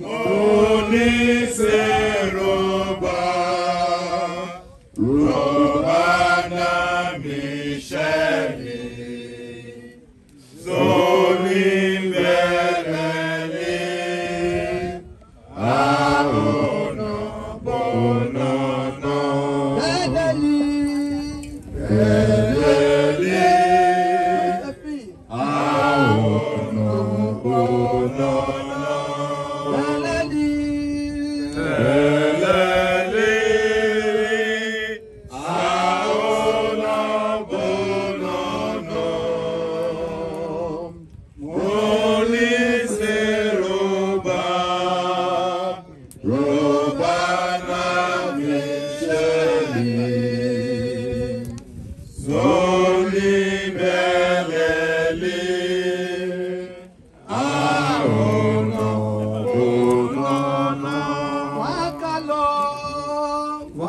Oh, ní Yeah.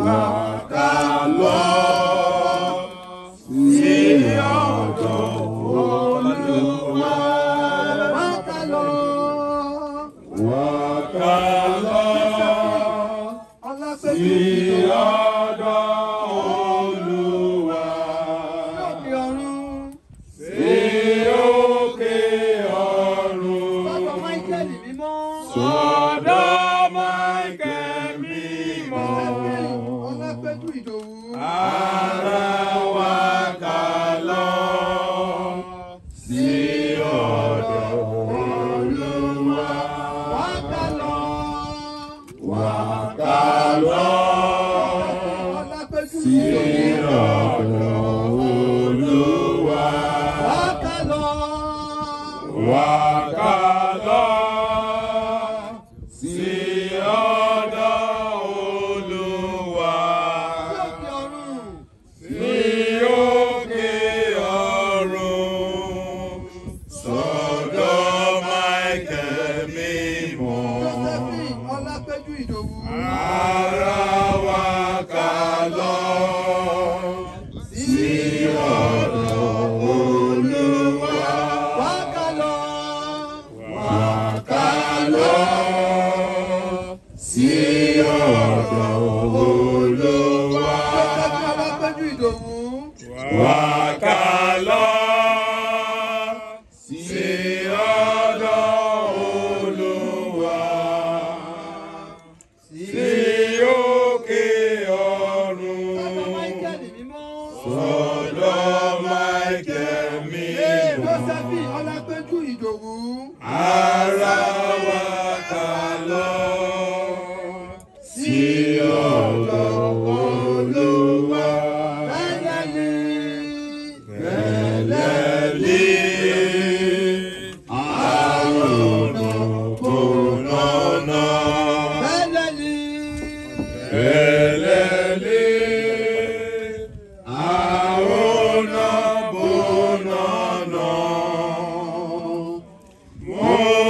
Allah. mímọ́. Josephine Ọlápẹ́jú Ìdòwú. Ara wa ká lọ sí ọ̀dọ̀ Olúwa. Wá ká lọ. Wá ká lọ sí ọ̀dọ̀ Olúwa. Josephine Ọlápẹ́jú Ìdòwú. Wá ká lọ. Ọlápẹ́jú Ìjòwú. Ara wa ta lọ sí ọ̀dọ̀ Olúwa. Bẹ́lẹ́lì. Bẹ́lẹ́lì.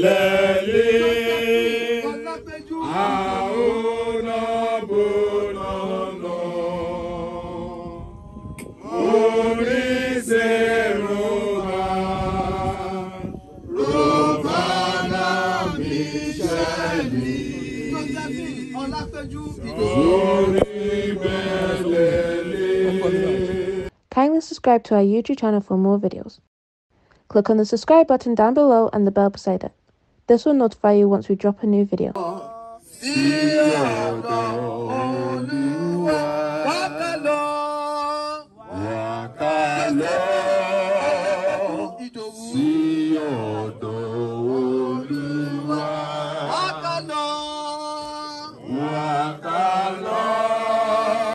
Kindly subscribe to our YouTube channel for more videos. Click on the subscribe button down below and the bell beside it. This will notify you once we drop a new video.